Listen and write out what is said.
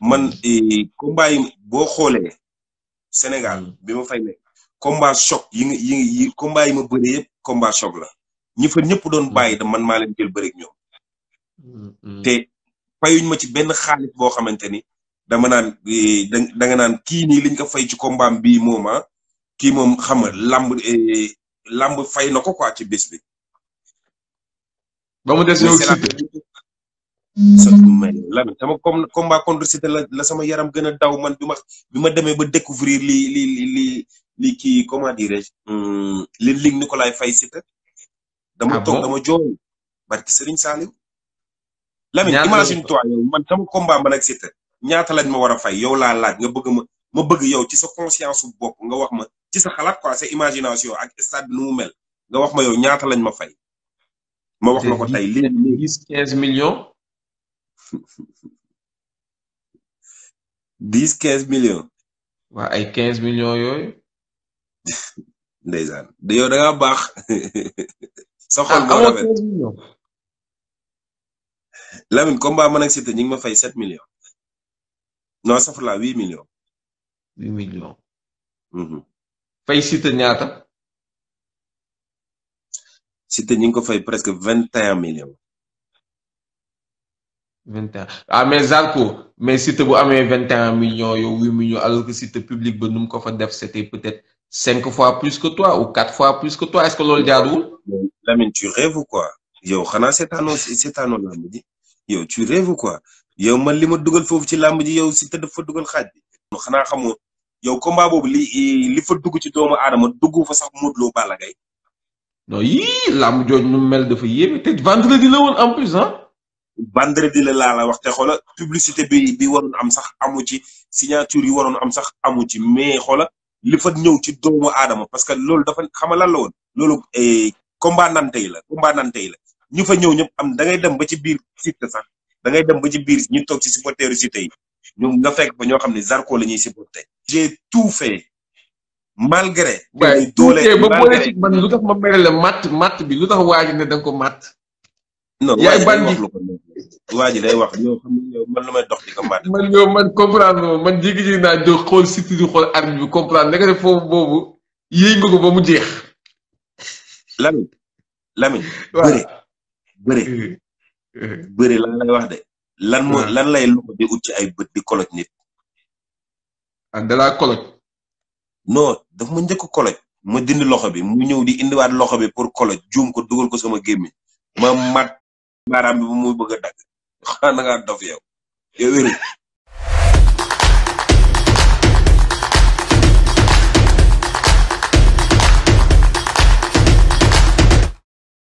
man eh, combat yi boo xoolee senegal bi ma fay nekk combat choc yi yi yi combat yi ma bëree yëpp combat choc la ñi fa ñëpp doon mm. bàyyi da man maa leen jël bëri ak ñoom. Mm-hmm. te fayuñ ma ci benn xaalis boo xamante ni dama naan eh, da nga naan kii nii liñ ko fay ci combat bii moom ah kii moom xam nga lamb eh, lamb fay na ko quoi ci bés bi. ba mu des yow Mm-hmm. surtout man lan sama comme combat contre la la sama yaram gën a daw man bi ma bi ma demee ba découvrir li li li li kii comment dirais-je hmm, li lig Nicolas Faye Siteu dama ah toog dama jooy barki Serigne Saliou Lamine imagine toi yow man sama combat man ak Siteu ñaata lañ ma war a fay yow laa laaj nga bëgg ma ma bëgg yow ci sa conscience su bopp nga wax ma ci sa xalaat quoi sa imagination ak stade bi mu mel nga wax ma yow ñaata lañ ma fay ma wax la ko tey léegi 15 millions dix quinze millions. waa ay quinze millions yooyu. ndeysaan yow da nga baax. sa xol ah, moo rafet Lamine combat man ak ñu ngi ma fay sept millions. non safar huit millions. huit millions. Mhm. fay Siteu ñaata. Siteu ñu ngi ko fay presque vingt et un millions. vingt et un ah mais Zarko mais bu amee vingt et un millions yow huit millions alors que Siteu public ba nu mu ko fa def c'était peut-être cinq fois plus que toi quatre fois plus que toi est-ce que loolu jaaduwul. Lamine tu rêves quoi yow xanaa seetaanoo seetaanoo làmb ji yow tu rêves quoi yow man li ma dugal foofu ci làmb ji yow Siteu fa dugal xaaj bi. xanaa xamoo yow combat boobu li li fa dugg ci doomu aadama dugg fa sax Modou Lo Balla Gaye. non yii làmb jooju nu mel dafa yéeme te vendredi la woon en plus ah. vendredi la laa la wax te xoola publicité bi di waroon am sax amu ci signature yi waroon am sax amu ci mais xoola li fa ñëw ci doomu aadama parce que loolu dafa xama lan la woon loolu eh, combat yi la combat nante yi la ñu fa ñëw ñëpp am da ngay dem ba ci biir Siteu sax da ngay dem ba ci biir ñu toog ci supporteru Siteu yi ñu nga fekk ba ñoo xam ne Zarko la ñuy supporter te tout fait malgré waaye doole ba politique man lu tax ma matt matt bi lu tax waaji ne da nga ko matt non yaay waa ji day wax man lu may dox di ko mbaat. man yow man comprendre moom man jékki-jékki naa jóg xool site di xool arbitre bi comprendre nga def foofu boobu yéey nga ko ba mu jeex. Lamine. Lamine. waaw bëre bëre. Eh, eh. bëre lan lay wax de. lan moo ah. lan lay loxo di ut ci ay bët di koloj nit. ah dalaa koloj. non daf ma njëkk koloj. ma dindi loxo bi mu ñëw di indiwaat loxo bi pour koloj juum ko dugal ko sama gémmiñ ma mat. baaraam bi ba muy bëgg a dagg xanaa na yow yow